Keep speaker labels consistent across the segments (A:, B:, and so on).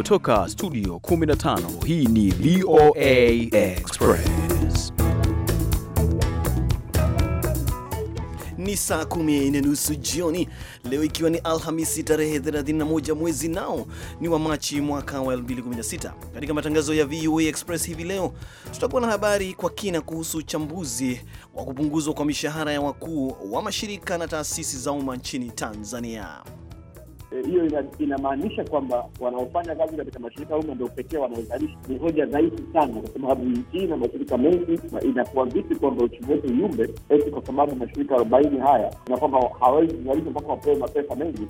A: kutoka studio 15 hii ni VOA Express
B: ni saa kumi na nusu jioni leo ikiwa ni Alhamisi tarehe 31 mwezi nao ni wa Machi mwaka wa 2016. Katika matangazo ya VOA Express hivi leo tutakuwa na habari kwa kina kuhusu uchambuzi wa kupunguzwa kwa mishahara ya wakuu wa mashirika na taasisi za umma nchini Tanzania.
C: Eh, hiyo e, inamaanisha kwamba wanaofanya kazi katika mashirika ya umma ndio pekee wanaozalisha. Ni hoja dhaifu sana, kwa sababu nchi na mashirika mengi, inakuwa vipi kwamba uchumi wetu yumbe eti kwa sababu mashirika arobaini haya na kwamba hawezi kuzalisha mpaka wapewe mapesa mengi.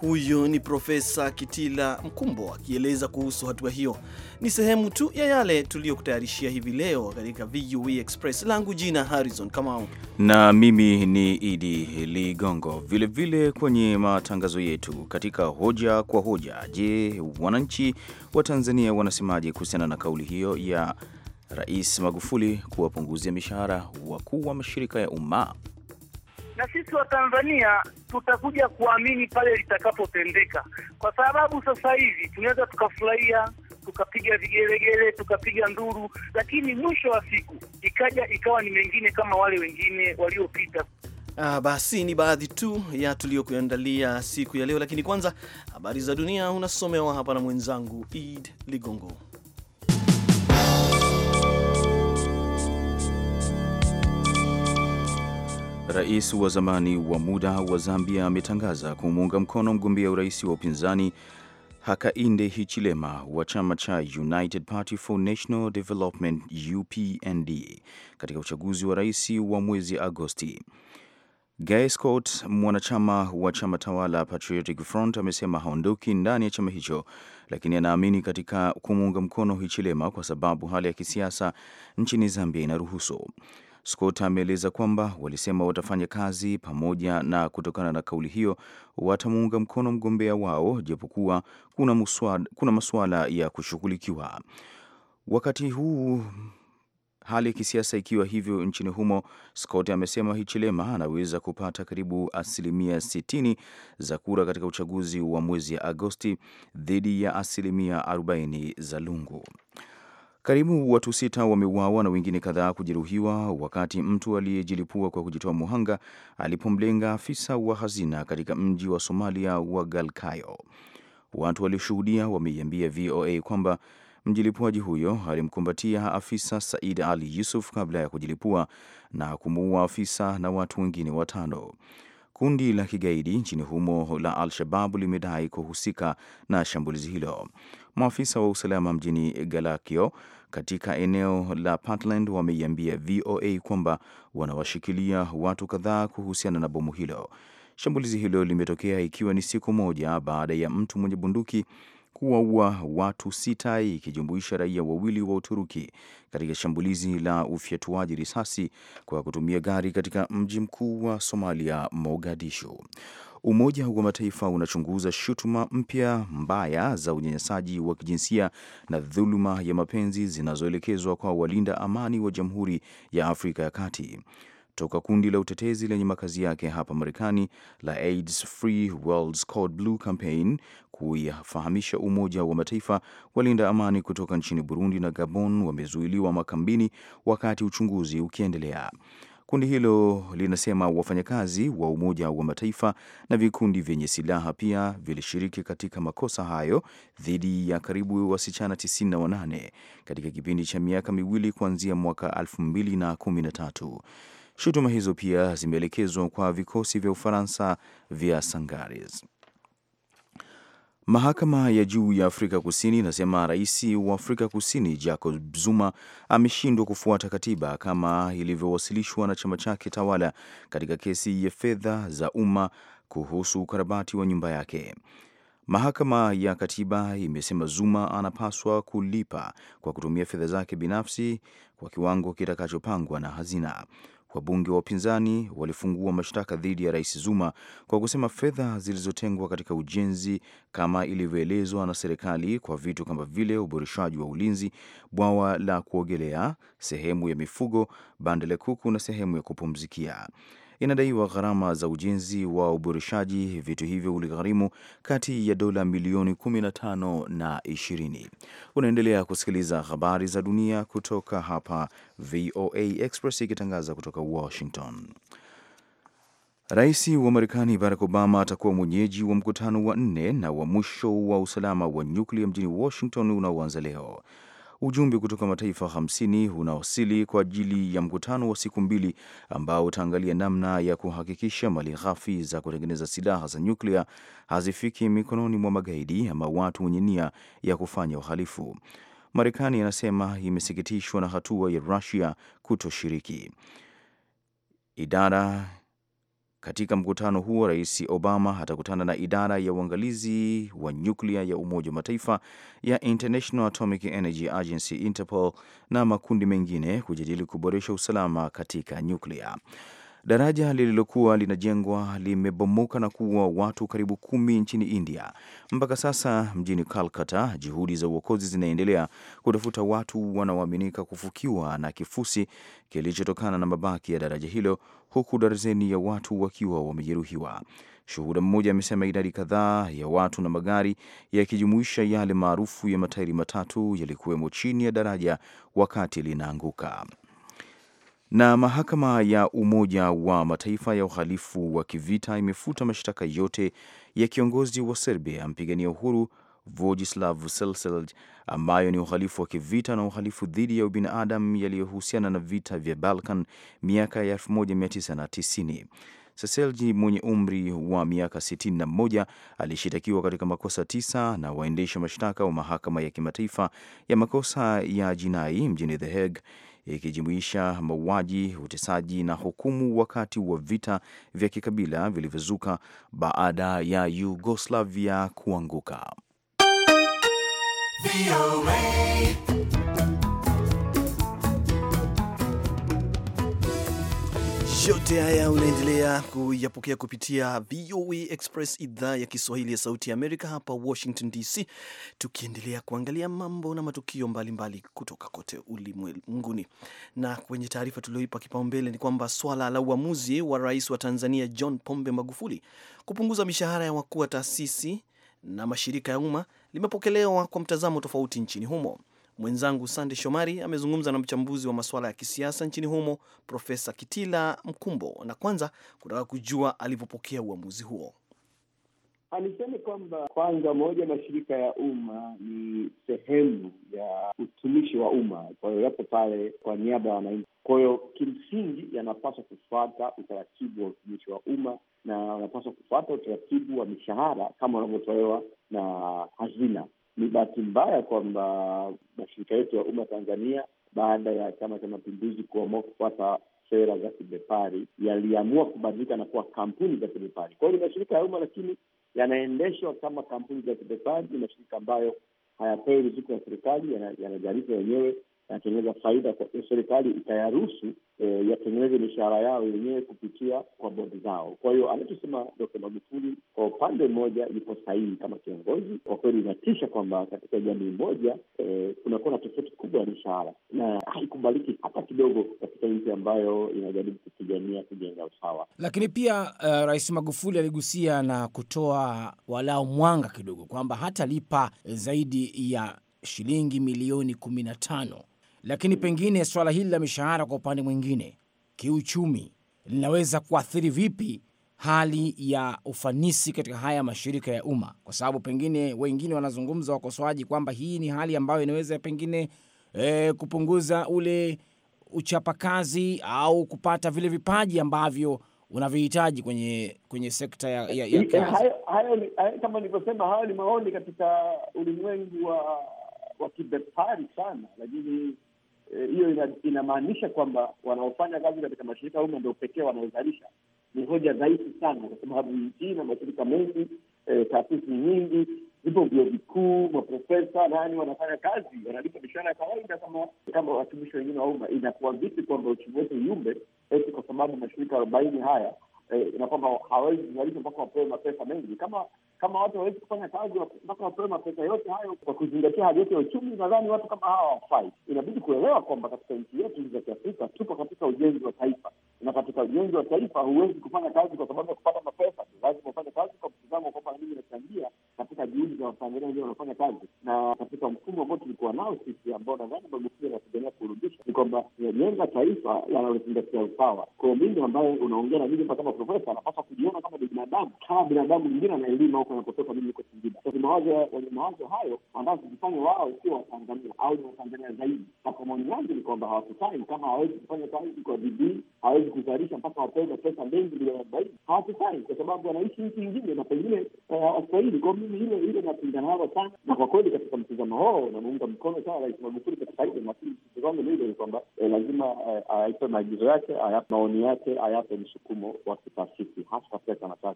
B: Huyu ni Profesa Kitila Mkumbo akieleza kuhusu hatua hiyo. Ni sehemu tu ya yale tuliyokutayarishia hivi leo katika VOA e Express. Langu jina Harrison
A: Kamau na mimi ni Idi Ligongo. Vilevile kwenye matangazo yetu katika hoja kwa hoja, je, wananchi wa Tanzania wanasemaje kuhusiana na kauli hiyo ya Rais Magufuli kuwapunguzia mishahara wakuu wa mashirika ya umma?
D: na sisi wa Tanzania tutakuja kuamini pale litakapotendeka, kwa sababu sasa hivi tunaweza tukafurahia tukapiga vigelegele tukapiga nduru, lakini mwisho wa siku ikaja ikawa ni mengine kama wale wengine waliopita.
B: Ah, basi ni baadhi tu ya tuliyokuandalia siku ya leo, lakini kwanza habari za dunia unasomewa hapa na mwenzangu Eid Ligongo.
A: Rais wa zamani wa muda wa Zambia ametangaza kumuunga mkono mgombea urais wa upinzani Hakainde Hichilema wa chama cha United Party for National Development UPND katika uchaguzi wa rais wa mwezi Agosti. Guy Scott, mwanachama wa chama tawala Patriotic Front, amesema haondoki ndani ya chama hicho, lakini anaamini katika kumuunga mkono Hichilema kwa sababu hali ya kisiasa nchini Zambia inaruhusu. Scott ameeleza kwamba walisema watafanya kazi pamoja na kutokana na kauli hiyo watamuunga mkono mgombea wao japokuwa kuna, kuna masuala ya kushughulikiwa wakati huu hali ya kisiasa ikiwa hivyo nchini humo. Scott amesema Hichilema anaweza kupata karibu asilimia 60 za kura katika uchaguzi wa mwezi Agosti dhidi ya asilimia 40 za Lungu. Karibu watu sita wameuawa na wengine kadhaa kujeruhiwa wakati mtu aliyejilipua kwa kujitoa muhanga alipomlenga afisa wa hazina katika mji wa Somalia wa Galkayo. Watu walioshuhudia wameiambia VOA kwamba mjilipuaji huyo alimkumbatia afisa Said Ali Yusuf kabla ya kujilipua na kumuua afisa na watu wengine watano. Kundi la kigaidi nchini humo la Al-Shababu limedai kuhusika na shambulizi hilo. Maafisa wa usalama mjini Galakio katika eneo la Puntland wameiambia VOA kwamba wanawashikilia watu kadhaa kuhusiana na bomu hilo. Shambulizi hilo limetokea ikiwa ni siku moja baada ya mtu mwenye bunduki kuwaua watu sita ikijumuisha raia wawili wa Uturuki katika shambulizi la ufyatuaji risasi kwa kutumia gari katika mji mkuu wa Somalia, Mogadishu. Umoja wa Mataifa unachunguza shutuma mpya mbaya za unyanyasaji wa kijinsia na dhuluma ya mapenzi zinazoelekezwa kwa walinda amani wa Jamhuri ya Afrika ya Kati toka kundi la utetezi lenye makazi yake hapa Marekani la AIDS Free World's Code Blue Campaign kuyafahamisha Umoja wa Mataifa walinda amani kutoka nchini Burundi na Gabon wamezuiliwa makambini wakati uchunguzi ukiendelea. Kundi hilo linasema wafanyakazi wa Umoja wa Mataifa na vikundi vyenye silaha pia vilishiriki katika makosa hayo dhidi ya karibu wasichana 98 katika kipindi cha miaka miwili kuanzia mwaka 2013. Shutuma hizo pia zimeelekezwa kwa vikosi vya Ufaransa vya Sangaris. Mahakama ya juu ya Afrika Kusini inasema rais wa Afrika Kusini Jacob Zuma ameshindwa kufuata katiba kama ilivyowasilishwa na chama chake tawala katika kesi ya fedha za umma kuhusu ukarabati wa nyumba yake. Mahakama ya Katiba imesema Zuma anapaswa kulipa kwa kutumia fedha zake binafsi kwa kiwango kitakachopangwa na hazina. Wabunge wa upinzani walifungua mashtaka dhidi ya Rais Zuma kwa kusema fedha zilizotengwa katika ujenzi kama ilivyoelezwa na serikali kwa vitu kama vile uboreshaji wa ulinzi, bwawa la kuogelea, sehemu ya mifugo, banda la kuku na sehemu ya kupumzikia Inadaiwa gharama za ujenzi wa uboreshaji vitu hivyo uligharimu kati ya dola milioni 15 na 20. Unaendelea kusikiliza habari za dunia kutoka hapa VOA Express ikitangaza kutoka Washington. Rais wa Marekani Barack Obama atakuwa mwenyeji wa mkutano wa nne na wa mwisho wa usalama wa nyuklia mjini Washington unaoanza leo. Ujumbe kutoka mataifa 50 unawasili kwa ajili ya mkutano wa siku mbili ambao utaangalia namna ya kuhakikisha mali ghafi za kutengeneza silaha za nyuklia hazifiki mikononi mwa magaidi ama watu wenye nia ya kufanya uhalifu. Marekani inasema imesikitishwa na hatua ya Rusia kutoshiriki idara katika mkutano huo, Rais Obama atakutana na idara ya uangalizi wa nyuklia ya Umoja wa Mataifa ya International Atomic Energy Agency, Interpol, na makundi mengine kujadili kuboresha usalama katika nyuklia. Daraja lililokuwa linajengwa limebomoka na kuua watu karibu kumi nchini India. Mpaka sasa mjini Calcutta, juhudi za uokozi zinaendelea kutafuta watu wanaoaminika kufukiwa na kifusi kilichotokana na mabaki ya daraja hilo, huku darzeni ya watu wakiwa wamejeruhiwa. Shuhuda mmoja amesema idadi kadhaa ya watu na magari yakijumuisha yale maarufu ya matairi matatu yalikuwemo chini ya daraja wakati linaanguka. Na mahakama ya Umoja wa Mataifa ya uhalifu wa kivita imefuta mashtaka yote ya kiongozi wa Serbia mpigania uhuru Vojislav Selselj ambayo ni uhalifu wa kivita na uhalifu dhidi ya ubinadamu yaliyohusiana na vita vya Balkan miaka ya 1990. Seselji mwenye umri wa miaka 61 alishitakiwa katika makosa tisa na waendesha mashtaka wa mahakama ya kimataifa ya makosa ya jinai mjini The Hague ikijumuisha mauaji, utesaji na hukumu wakati wa vita vya kikabila vilivyozuka baada ya Yugoslavia kuanguka.
B: Yote haya unaendelea kuyapokea kupitia VOA e Express, idhaa ya Kiswahili ya Sauti ya Amerika hapa Washington DC, tukiendelea kuangalia mambo na matukio mbalimbali mbali kutoka kote ulimwenguni. Na kwenye taarifa tulioipa kipaumbele ni kwamba swala la uamuzi wa rais wa Tanzania John Pombe Magufuli kupunguza mishahara ya wakuu wa taasisi na mashirika ya umma limepokelewa kwa mtazamo tofauti nchini humo. Mwenzangu Sande Shomari amezungumza na mchambuzi wa masuala ya kisiasa nchini humo Profesa Kitila Mkumbo, na kwanza kutaka kujua alivyopokea uamuzi huo.
C: Aniseme kwamba kwanza, moja, mashirika ya umma ni sehemu ya utumishi wa umma, kwa hiyo yapo pale kwa niaba ya wananchi. Kwa hiyo kimsingi yanapaswa kufuata utaratibu wa utumishi wa umma na wanapaswa kufuata utaratibu wa mishahara kama wanavyotolewa na hazina. Ni bahati mbaya kwamba mashirika yetu ya umma Tanzania baada ya Chama cha Mapinduzi kuamua kufuata sera za kibepari yaliamua kubadilika na kuwa kampuni za kibepari. Kwa hiyo ni mashirika ya umma, lakini yanaendeshwa kama kampuni za kibepari. Ni mashirika ambayo hayapewi ruzuku ya serikali, yanajaribu yenyewe yanatengeneza faida kwa serikali itayaruhusu e, yatengeneze mishahara yao yenyewe kupitia kwa bodi zao. Kwa hiyo anachosema Dkt. Magufuli kwa upande mmoja yupo sahihi kama kiongozi. Kwa kweli inatisha kwamba katika jamii moja e, kunakuwa na tofauti kubwa ya mishahara na haikubaliki hata kidogo katika nchi ambayo inajaribu kupigania kujenga usawa.
E: Lakini pia uh, Rais Magufuli aligusia na kutoa walau mwanga kidogo kwamba hatalipa zaidi ya shilingi milioni kumi na tano lakini pengine swala hili la mishahara kwa upande mwingine, kiuchumi, linaweza kuathiri vipi hali ya ufanisi katika haya mashirika ya umma? Kwa sababu pengine wengine wanazungumza, wakosoaji, kwamba hii ni hali ambayo inaweza pengine e, kupunguza ule uchapakazi au kupata vile vipaji ambavyo unavihitaji kwenye kwenye sekta ya, ya, ya kazi.
C: Eh, kama nilivyosema, hayo ni maoni katika ulimwengu wa wa kibepari sana, lakini Eh, hiyo ina, inamaanisha kwamba wanaofanya kazi katika mashirika ya umma ndio pekee wanaozalisha. Ni hoja dhaifu sana, kwa sababu nchi na mashirika mengi e, taasisi nyingi vipo vyuo vikuu, maprofesa nani wanafanya kazi, wanalipa mishahara ya kawaida kama kama watumishi wengine wa umma. Inakuwa vipi kwamba uchumi wetu uyumbe eti kwa sababu mashirika arobaini haya e, na kwamba hawezi kuzalisha mpaka wapewe mapesa mengi kama kama watu hawezi kufanya kazi mpaka wapewe mapesa yote hayo kwa kuzingatia hali yote ya uchumi, nadhani watu kama hawa hawafai. Inabidi kuelewa kwamba katika nchi yetu za Kiafrika tupo katika ujenzi wa taifa, na katika ujenzi wa taifa huwezi kufanya kazi kwa sababu ya kupata mapesa tu, lazima ufanye kazi kwa mtizamo kwamba mimi nachangia katika juhudi za Watanzania wenyewe wanafanya kazi. Na katika mfumo ambao tulikuwa nao sisi, ambao nadhani Magufuli anapigania kurudisha, ni kwamba najenga taifa linalozingatia usawa. Kwa mimi ambaye unaongea na mimi kama profesa, anapaswa kujiona kama ni binadamu kama binadamu mwingine elimu huko anapotoka. Mimi niko Singida, wenye mawazo hayo ambayo kujifanya wao sio Watanzania au ni Watanzania zaidi. Na kwa maoni yangu ni kwamba hawakutani, kama hawezi kufanya kazi kwa bidii, hawezi kuzalisha mpaka wapeza pesa mengi milioni arobaini, hawakufai kwa sababu wanaishi nchi nyingine na pengine eh, waswahili kwao. mimi hilo hilo napingana nalo sana, na kwa kweli katika mtizamo huo namuunga mkono sana Rais Magufuli katika hilo. Lakini mtizamo ni ile kwamba eh, lazima eh, aipe maagizo yake, maoni yake, ayape msukumo wa kitaasisi, hasa katika sekta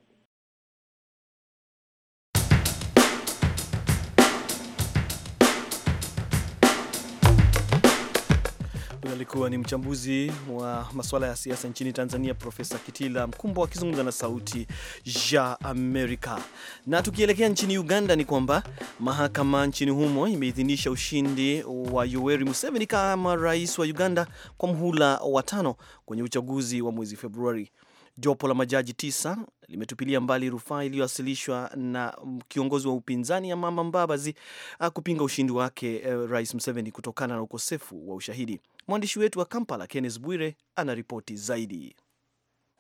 B: Alikuwa ni mchambuzi wa masuala ya siasa nchini Tanzania, Profesa Kitila Mkumbo akizungumza na Sauti ya Amerika. Na tukielekea nchini Uganda, ni kwamba mahakama nchini humo imeidhinisha ushindi wa Yoweri Museveni kama rais wa Uganda kwa mhula wa tano kwenye uchaguzi wa mwezi Februari. Jopo la majaji tisa limetupilia mbali rufaa iliyowasilishwa na kiongozi wa upinzani ya Mama Mbabazi ah, kupinga ushindi wake eh, Rais Museveni kutokana na ukosefu wa ushahidi. Mwandishi wetu wa Kampala Kenneth Bwire anaripoti zaidi.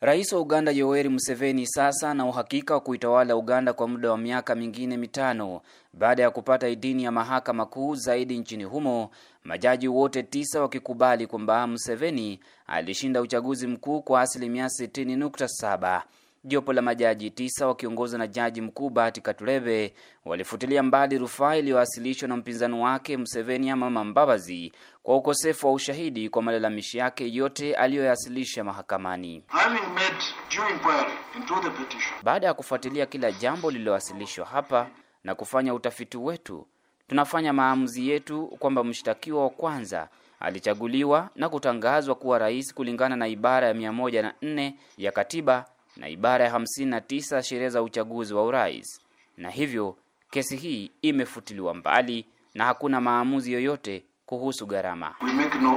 F: Rais wa Uganda Yoweri Museveni sasa na uhakika wa kuitawala Uganda kwa muda wa miaka mingine mitano baada ya kupata idini ya mahakama kuu zaidi nchini humo, majaji wote tisa wakikubali kwamba Museveni alishinda uchaguzi mkuu kwa asilimia 60.7. Jopo la majaji tisa wakiongozwa na jaji mkuu Bati Katurebe walifutilia mbali rufaa iliyowasilishwa na mpinzani wake Mseveni Amama Mbabazi kwa ukosefu wa ushahidi kwa malalamishi yake yote aliyoyawasilisha mahakamani. Baada ya kufuatilia kila jambo lililowasilishwa hapa na kufanya utafiti wetu, tunafanya maamuzi yetu kwamba mshtakiwa wa kwanza alichaguliwa na kutangazwa kuwa rais kulingana na ibara ya 104 ya katiba na ibara ya 59 sheria za uchaguzi wa urais, na hivyo kesi hii imefutiliwa mbali na hakuna maamuzi yoyote kuhusu gharama. No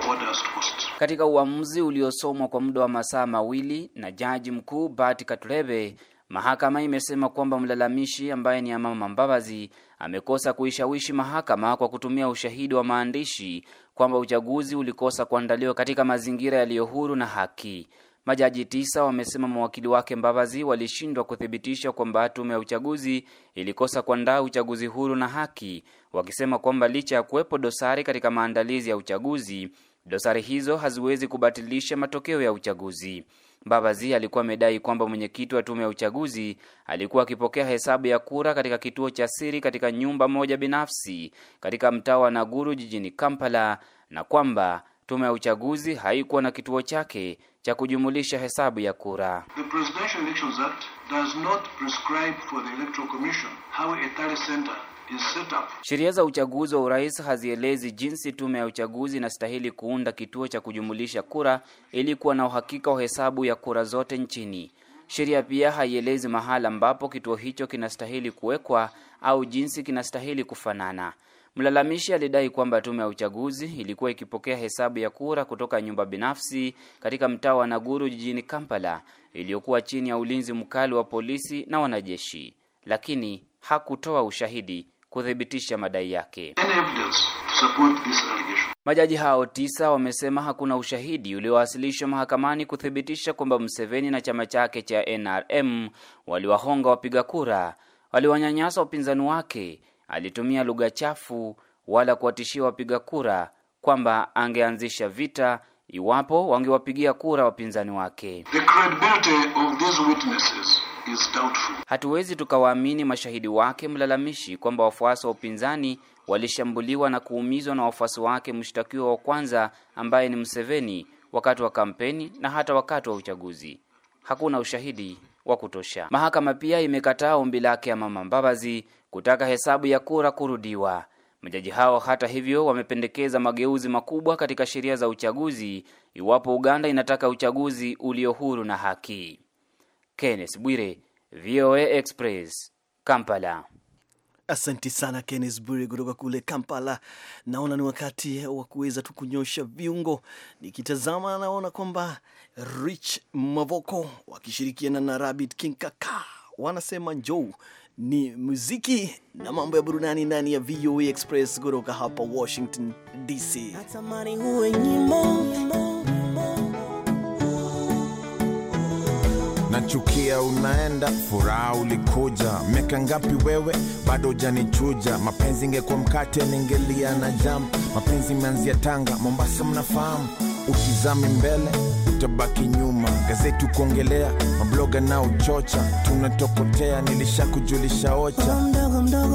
F: katika uamuzi uliosomwa kwa muda wa masaa mawili na jaji mkuu Bart Katurebe, mahakama imesema kwamba mlalamishi ambaye ni Amama Mbabazi amekosa kuishawishi mahakama kwa kutumia ushahidi wa maandishi kwamba uchaguzi ulikosa kuandaliwa katika mazingira yaliyo huru na haki. Majaji tisa wamesema mawakili wake Mbavazi walishindwa kuthibitisha kwamba tume ya uchaguzi ilikosa kuandaa uchaguzi huru na haki, wakisema kwamba licha ya kuwepo dosari katika maandalizi ya uchaguzi, dosari hizo haziwezi kubatilisha matokeo ya uchaguzi. Mbavazi alikuwa amedai kwamba mwenyekiti wa tume ya uchaguzi alikuwa akipokea hesabu ya kura katika kituo cha siri katika nyumba moja binafsi katika mtaa wa Naguru jijini Kampala na kwamba Tume ya uchaguzi haikuwa na kituo chake cha kujumulisha hesabu ya kura. Sheria za uchaguzi wa urais hazielezi jinsi tume ya uchaguzi inastahili kuunda kituo cha kujumulisha kura ili kuwa na uhakika wa hesabu ya kura zote nchini. Sheria pia haielezi mahala ambapo kituo hicho kinastahili kuwekwa au jinsi kinastahili kufanana. Mlalamishi alidai kwamba tume ya uchaguzi ilikuwa ikipokea hesabu ya kura kutoka nyumba binafsi katika mtaa wa Naguru jijini Kampala, iliyokuwa chini ya ulinzi mkali wa polisi na wanajeshi, lakini hakutoa ushahidi kuthibitisha madai yake. Majaji hao tisa wamesema hakuna ushahidi uliowasilishwa mahakamani kuthibitisha kwamba mseveni na chama chake cha NRM waliwahonga wapiga kura, waliwanyanyasa wapinzani wake alitumia lugha chafu wala kuwatishia wapiga kura kwamba angeanzisha vita iwapo wangewapigia kura wapinzani wake. The
E: credibility of these witnesses is doubtful.
F: Hatuwezi tukawaamini mashahidi wake mlalamishi kwamba wafuasi wa upinzani walishambuliwa na kuumizwa na wafuasi wake, mshtakiwa wa kwanza ambaye ni Museveni, wakati wa kampeni na hata wakati wa uchaguzi. Hakuna ushahidi wa kutosha. Mahakama pia imekataa ombi lake ya Mama Mbabazi kutaka hesabu ya kura kurudiwa. Majaji hao hata hivyo wamependekeza mageuzi makubwa katika sheria za uchaguzi iwapo Uganda inataka uchaguzi ulio huru na haki. Kenneth Bwire, VOA Express, Kampala.
B: Asanti sana Kennes Bure kutoka kule Kampala. Naona ni wakati wa kuweza tu kunyosha viungo. Nikitazama naona kwamba Rich Mavoko wakishirikiana na Rabbit King Kaka wanasema njoo ni muziki na mambo ya burudani ndani ya VOA Express kutoka hapa Washington DC.
G: Natamani uwe nyimbo,
E: nachukia unaenda, furaha ulikuja, miaka ngapi wewe bado hujanichuja. Mapenzi ingekuwa mkate ningelia na jam, mapenzi imeanzia Tanga, Mombasa mnafahamu, utizame mbele utabaki nyuma. Gazeti kuongelea, mabloga na uchocha, tunatopotea. Nilishakujulisha ocha,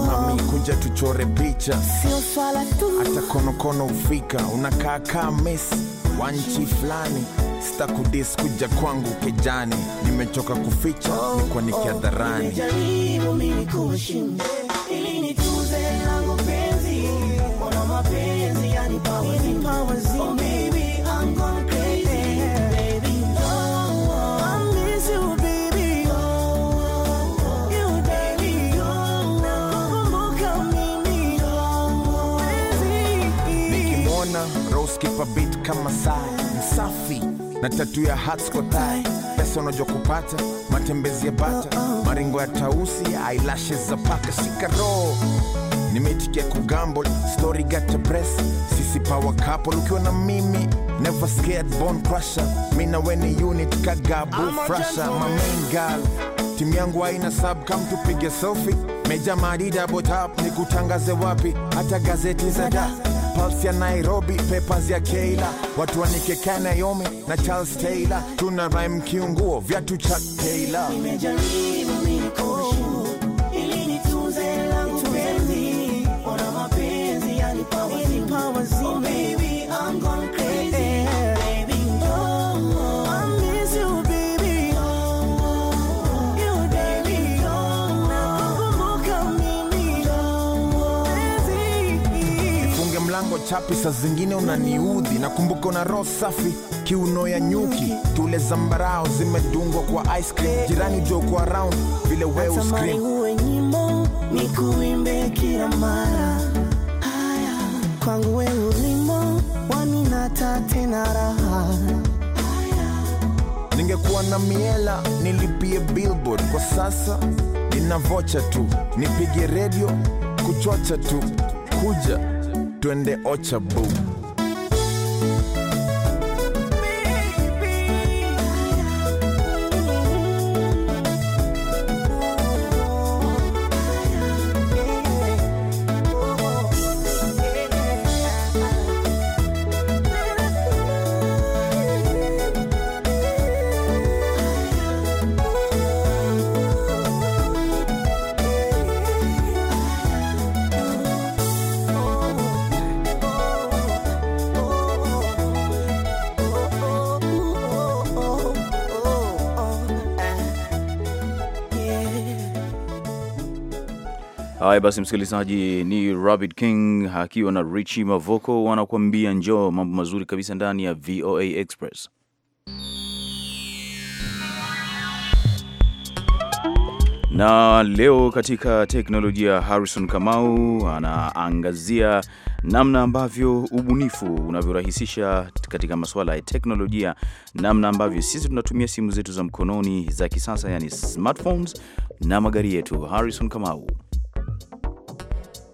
E: mami kuja tuchore picha, sio swala tu, hata konokono ufika. Unakaa kaa mesi wa nchi fulani Sitakudis kuja kwangu kejani, nimechoka kuficha, oh, nikwa oh. nikiadharani. kipa beat kama sai msafi na tatu ya hats kwa pesa unajua kupata, matembezi ya bata, maringo ya tausi, eyelashes za paka, shika roho Nimeitikia kugamble story gata press sisi power couple ukiwa na mimi never scared bone crusher mi na weni unit kagabu frasha mamin gal timu yangu aina sub kam tupige selfie meja madida botap nikutangaze wapi hata gazeti za da Pulse ya Nairobi, papers ya Keila, watu wanike nayomi na Charles Taylor, tuna rhyme kiunguo, viatu cha Keila. yako chapi, sa zingine unaniudhi. Nakumbuka una roho safi, kiuno ya nyuki, tule zambarao zimedungwa kwa ice cream, jirani joko round vile wewe uscream,
G: uwe nyimbo nikuimbe kila mara. Haya kwangu wewe tena raha
E: Ningekuwa na miela nilipie billboard, kwa sasa ninavocha tu, nipige redio kuchocha tu kuja doing the ocha boom.
A: Haya basi, msikilizaji, ni robert King akiwa na Richie Mavoko wanakuambia njoo, mambo mazuri kabisa ndani ya VOA Express. Na leo katika teknolojia, Harrison Kamau anaangazia namna ambavyo ubunifu unavyorahisisha katika masuala ya teknolojia, namna ambavyo sisi tunatumia simu zetu za mkononi za kisasa, yani smartphones na magari yetu. Harrison Kamau.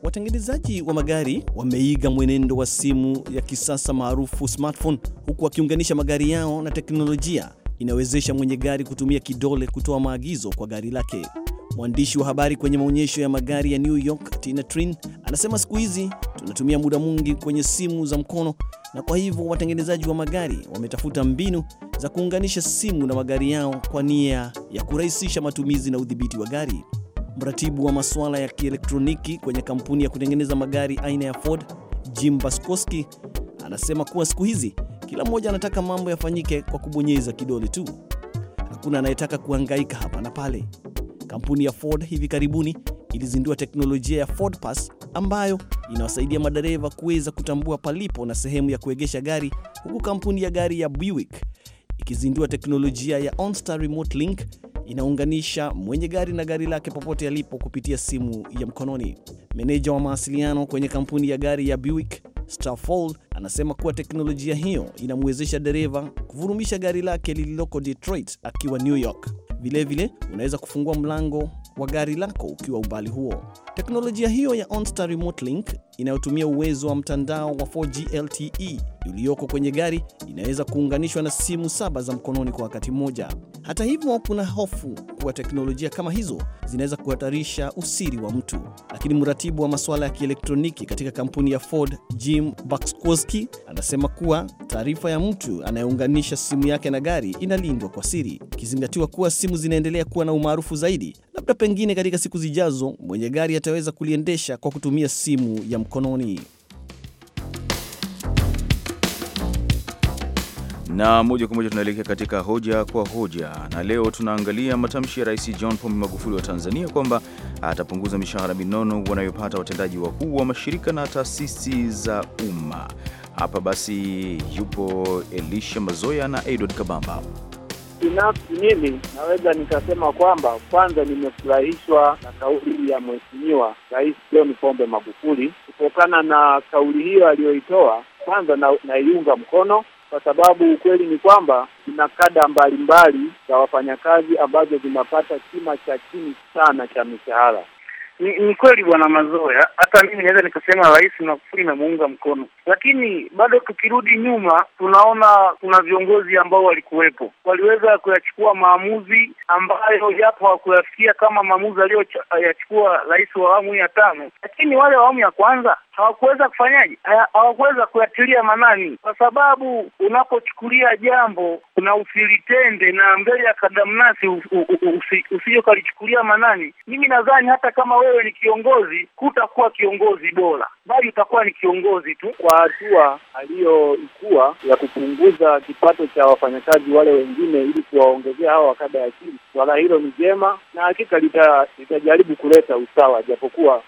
B: Watengenezaji wa magari wameiga mwenendo wa simu ya kisasa maarufu smartphone, huku wakiunganisha magari yao na teknolojia inawezesha mwenye gari kutumia kidole kutoa maagizo kwa gari lake. Mwandishi wa habari kwenye maonyesho ya magari ya New York, Tina Trin, anasema siku hizi tunatumia muda mwingi kwenye simu za mkono, na kwa hivyo watengenezaji wa magari wametafuta mbinu za kuunganisha simu na magari yao kwa nia ya kurahisisha matumizi na udhibiti wa gari. Mratibu wa masuala ya kielektroniki kwenye kampuni ya kutengeneza magari aina ya Ford, Jim Baskowski, anasema kuwa siku hizi kila mmoja anataka mambo yafanyike kwa kubonyeza kidole tu. Hakuna anayetaka kuhangaika hapa na pale. Kampuni ya Ford hivi karibuni ilizindua teknolojia ya Ford Pass ambayo inawasaidia madereva kuweza kutambua palipo na sehemu ya kuegesha gari, huku kampuni ya gari ya Buick ikizindua teknolojia ya OnStar Remote Link inaunganisha mwenye gari na gari lake popote alipo kupitia simu ya mkononi. Meneja wa mawasiliano kwenye kampuni ya gari ya Buick Stafford anasema kuwa teknolojia hiyo inamwezesha dereva kuvurumisha gari lake lililoko Detroit akiwa New York. Vilevile unaweza kufungua mlango wa gari lako ukiwa umbali huo. Teknolojia hiyo ya OnStar Remote Link inayotumia uwezo wa mtandao wa 4G LTE ulioko kwenye gari inaweza kuunganishwa na simu saba za mkononi kwa wakati mmoja. Hata hivyo, kuna hofu kuwa teknolojia kama hizo zinaweza kuhatarisha usiri wa mtu. Lakini mratibu wa masuala ya kielektroniki katika kampuni ya Ford, Jim bakskoski anasema kuwa taarifa ya mtu anayeunganisha simu yake na gari inalindwa kwa siri, ikizingatiwa kuwa simu zinaendelea kuwa na umaarufu zaidi. Labda pengine katika siku zijazo mwenye gari yataweza kuliendesha kwa kutumia simu ya mkononi.
A: Na moja kwa moja tunaelekea katika hoja kwa hoja, na leo tunaangalia matamshi ya Rais John Pombe Magufuli wa Tanzania kwamba atapunguza mishahara minono wanayopata watendaji wakuu wa mashirika na taasisi za umma. Hapa basi yupo Elisha Mazoya na Edward Kabamba.
E: Binafsi
C: mimi naweza nikasema kwamba kwanza, nimefurahishwa na kauli ya Mheshimiwa Rais John Pombe Magufuli. Kutokana na kauli hiyo aliyoitoa, kwanza naiunga na mkono kwa sababu ukweli ni kwamba kuna kada mbalimbali
D: za wafanyakazi ambazo zinapata kima cha chini sana cha mishahara. Ni, ni kweli bwana Mazoya, hata mimi naweza nikasema Rais Magufuli namuunga mkono, lakini bado tukirudi nyuma tunaona kuna viongozi ambao walikuwepo waliweza kuyachukua maamuzi ambayo yapo hawakuyafikia kama maamuzi aliyoyachukua rais wa awamu ya tano, lakini wale awamu ya kwanza hawakuweza kufanyaje? Hawakuweza kuyatilia manani, kwa sababu unapochukulia jambo na usilitende na mbele ya kadamnasi usije ukalichukulia manani, mimi nadhani hata kama wewe wewe ni kiongozi, hutakuwa kiongozi bora, bali utakuwa ni kiongozi tu. Kwa hatua aliyoikuwa ya kupunguza kipato cha wafanyakazi wale wengine ili kuwaongezea
C: hawa wa kada ya chini, swala hilo ni jema na hakika litajaribu lita kuleta usawa, japokuwa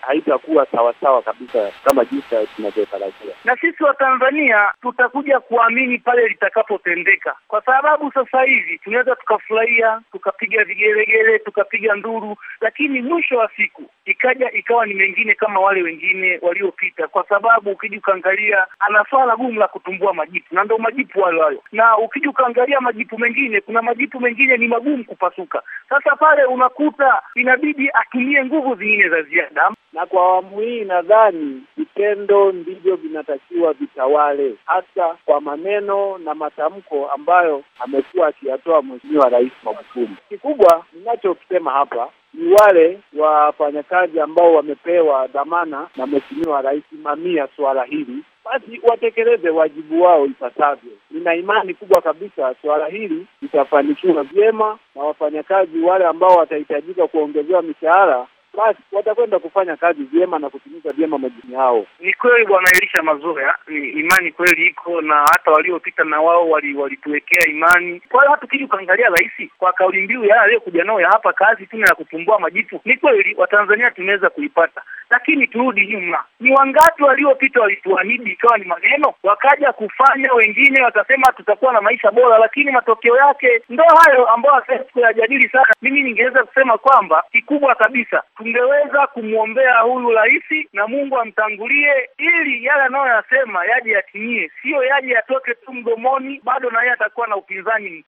C: haitakuwa sawasawa kabisa kama jinsi tunavyotarajia.
D: Na sisi Watanzania tutakuja kuamini pale litakapotendeka, kwa sababu sasa hivi tunaweza tukafurahia, tukapiga vigelegele, tukapiga nduru, lakini mwisho wa siku, ikaja ikawa ni mengine kama wale wengine waliopita, kwa sababu ukija ukaangalia ana swala gumu la kutumbua majipu, na ndio majipu hayo hayo, na ukija ukaangalia majipu mengine, kuna majipu mengine ni magumu kupasuka. Sasa pale unakuta inabidi atumie nguvu zingine za ziada, na kwa awamu hii nadhani vitendo ndivyo vinatakiwa
C: vitawale, hasa kwa maneno na matamko ambayo amekuwa akiyatoa Mheshimiwa Rais Magufuli. Kikubwa ninachokisema hapa ni wale wafanyakazi ambao wamepewa dhamana na Mheshimiwa Rais Mamia suala hili, basi watekeleze wajibu wao ipasavyo. Nina imani kubwa kabisa suala hili litafanikiwa vyema, na wafanyakazi wale ambao watahitajika kuongezewa mishahara basi watakwenda kufanya kazi vyema na kutimiza vyema majini yao.
D: Ni kweli Bwana Elisha Mazoya, ni imani kweli iko na hata waliopita na wao walituwekea wali imani. Kwa hiyo hata ukija ukaangalia rais kwa kauli mbiu ya aliyokuja nao ya hapa kazi tuna ya kupumbua majitu, ni kweli Watanzania tunaweza kuipata lakini turudi nyuma, ni wangapi waliopita walituahidi ikawa ni maneno, wakaja kufanya. Wengine watasema tutakuwa na maisha bora, lakini matokeo yake ndo hayo ambayo kuyajadili sana. Mimi ningeweza kusema kwamba kikubwa kabisa tungeweza kumwombea huyu rais na Mungu amtangulie, ili yale anayoyasema yaje yatimie, siyo yaje yatoke tu mdomoni, bado na yeye atakuwa na upinzani.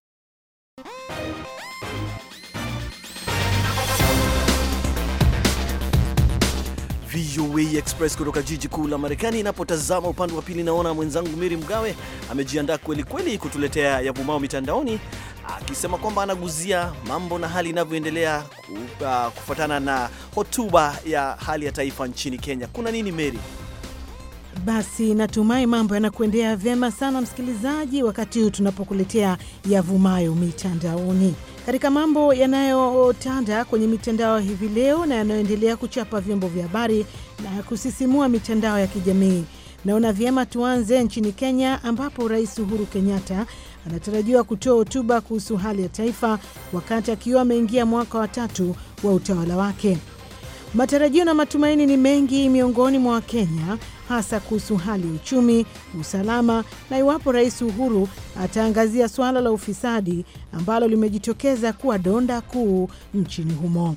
B: VOA Express kutoka jiji kuu la Marekani. Inapotazama upande wa pili, naona mwenzangu Miri Mgawe amejiandaa kweli kweli kutuletea yavumao mitandaoni, akisema kwamba anaguzia mambo na hali inavyoendelea uh, kufuatana na hotuba ya hali ya taifa nchini Kenya. Kuna nini Meri?
G: Basi natumai mambo yanakuendea vyema sana msikilizaji, wakati huu tunapokuletea yavumayo mitandaoni. Katika mambo yanayotanda kwenye mitandao hivi leo na yanayoendelea kuchapa vyombo vya habari na kusisimua mitandao ya kijamii, naona vyema tuanze nchini Kenya, ambapo Rais Uhuru Kenyatta anatarajiwa kutoa hotuba kuhusu hali ya taifa wakati akiwa ameingia mwaka wa tatu wa utawala wake. Matarajio na matumaini ni mengi miongoni mwa Wakenya, hasa kuhusu hali ya uchumi, usalama na iwapo Rais Uhuru ataangazia suala la ufisadi ambalo limejitokeza kuwa donda kuu nchini humo.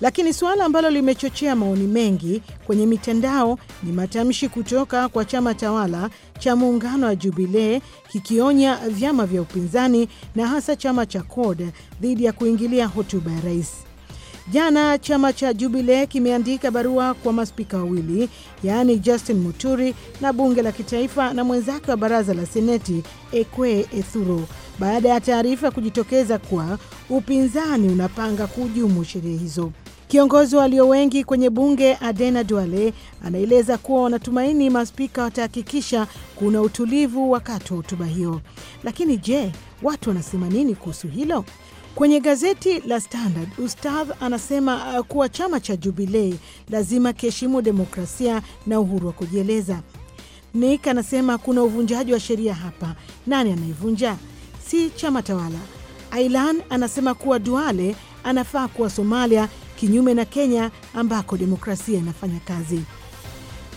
G: Lakini suala ambalo limechochea maoni mengi kwenye mitandao ni matamshi kutoka kwa chama tawala cha muungano wa Jubilee kikionya vyama vya upinzani na hasa chama cha CORD dhidi ya kuingilia hotuba ya rais. Jana chama cha Jubile kimeandika barua kwa maspika wawili, yaani Justin Muturi na bunge la kitaifa na mwenzake wa baraza la seneti Ekwe Ethuro baada ya taarifa kujitokeza kuwa upinzani unapanga kuhujumu sheria hizo. Kiongozi walio wengi kwenye bunge Adena Duale anaeleza kuwa wanatumaini maspika watahakikisha kuna utulivu wakati wa hotuba hiyo. Lakini je, watu wanasema nini kuhusu hilo? Kwenye gazeti la Standard, Ustadh anasema uh, kuwa chama cha Jubilei lazima kiheshimu demokrasia na uhuru wa kujieleza. Nik anasema kuna uvunjaji wa sheria hapa, nani anaivunja? Si chama tawala. Ailan anasema kuwa Duale anafaa kuwa Somalia, kinyume na Kenya ambako demokrasia inafanya kazi.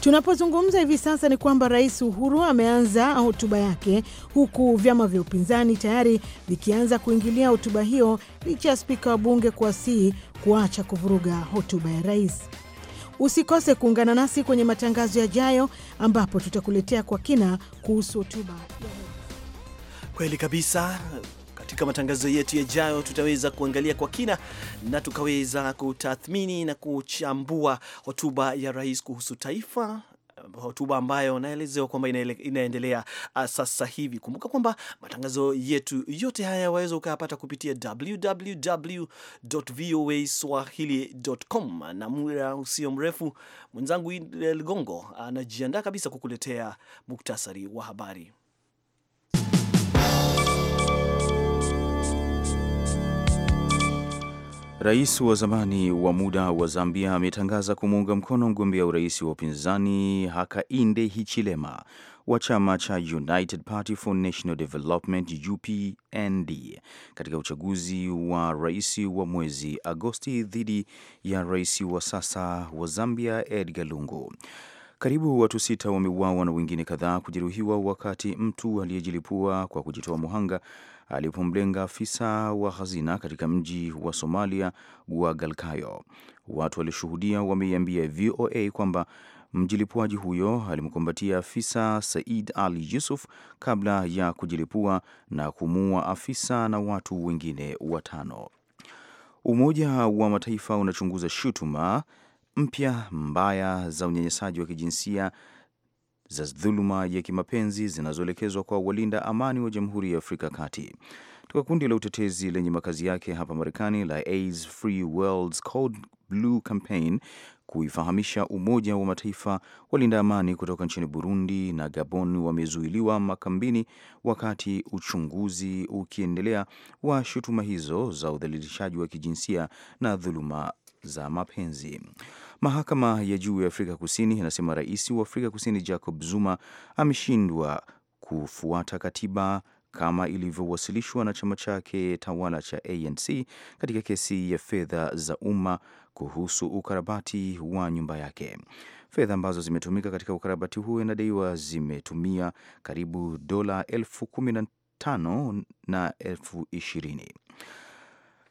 G: Tunapozungumza hivi sasa ni kwamba Rais Uhuru ameanza hotuba yake, huku vyama vya upinzani tayari vikianza kuingilia hotuba hiyo, licha ya spika wa bunge kuwasihi kuacha kuvuruga hotuba ya rais. Usikose kuungana nasi kwenye matangazo yajayo, ambapo tutakuletea kwa kina kuhusu hotuba.
B: Kweli kabisa. Katika matangazo yetu yajayo, tutaweza kuangalia kwa kina na tukaweza kutathmini na kuchambua hotuba ya rais kuhusu taifa hotuba ambayo naelezewa kwamba inaendelea ah, sasa hivi. Kumbuka kwamba matangazo yetu yote haya waweza ukayapata kupitia swahili.com, na muda usio mrefu mwenzangu Ligongo anajiandaa kabisa kukuletea muktasari wa habari.
A: Rais wa zamani wa muda wa Zambia ametangaza kumuunga mkono mgombea urais wa upinzani Hakainde Hichilema wa chama cha United Party for National Development UPND katika uchaguzi wa rais wa mwezi Agosti dhidi ya rais wa sasa wa Zambia Edgar Lungu. Karibu watu sita wameuawa na wengine kadhaa kujeruhiwa wakati mtu aliyejilipua kwa kujitoa muhanga alipomlenga afisa wa hazina katika mji wa Somalia wa Galkayo. Watu walishuhudia wameiambia VOA kwamba mjilipuaji huyo alimkumbatia afisa Said Ali Yusuf kabla ya kujilipua na kumuua afisa na watu wengine watano. Umoja wa Mataifa unachunguza shutuma mpya mbaya za unyanyasaji wa kijinsia za dhuluma ya kimapenzi zinazoelekezwa kwa walinda amani wa Jamhuri ya Afrika Kati toka kundi la utetezi lenye makazi yake hapa Marekani la AIDS Free World's Cold Blue Campaign kuifahamisha Umoja wa Mataifa walinda amani kutoka nchini Burundi na Gabon wamezuiliwa makambini wakati uchunguzi ukiendelea wa shutuma hizo za udhalilishaji wa kijinsia na dhuluma za mapenzi. Mahakama ya juu ya Afrika Kusini inasema rais wa Afrika Kusini Jacob Zuma ameshindwa kufuata katiba kama ilivyowasilishwa na chama chake tawala cha ANC katika kesi ya fedha za umma kuhusu ukarabati wa nyumba yake. Fedha ambazo zimetumika katika ukarabati huo inadaiwa zimetumia karibu dola elfu kumi na tano na elfu ishirini.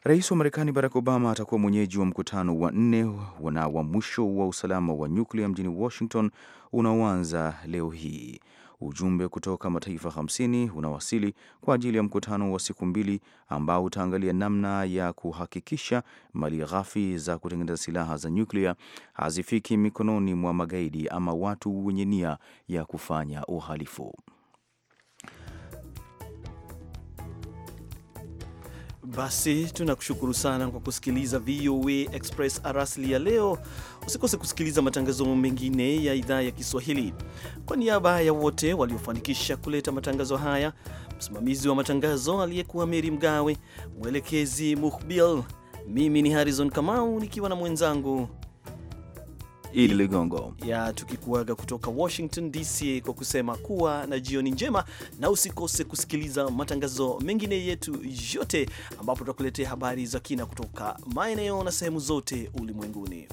A: Rais wa Marekani Barack Obama atakuwa mwenyeji wa mkutano wa nne na wa mwisho wa usalama wa nyuklia mjini Washington unaoanza leo hii. Ujumbe kutoka mataifa 50 unawasili kwa ajili ya mkutano wa siku mbili ambao utaangalia namna ya kuhakikisha mali ghafi za kutengeneza silaha za nyuklia hazifiki mikononi mwa magaidi ama watu wenye nia ya kufanya uhalifu.
B: Basi tunakushukuru sana kwa kusikiliza VOA Express arasli ya leo. Usikose kusikiliza matangazo mengine ya idhaa ya Kiswahili. Kwa niaba ya wote waliofanikisha kuleta matangazo haya, msimamizi wa matangazo aliyekuwa Meri Mgawe, mwelekezi Muhbil, mimi ni Harrison Kamau nikiwa na mwenzangu
A: Idi Ligongo
B: ya tukikuaga kutoka Washington DC kwa kusema kuwa na jioni njema, na usikose kusikiliza matangazo mengine yetu yote, ambapo tutakuletea habari za kina kutoka maeneo na sehemu zote ulimwenguni.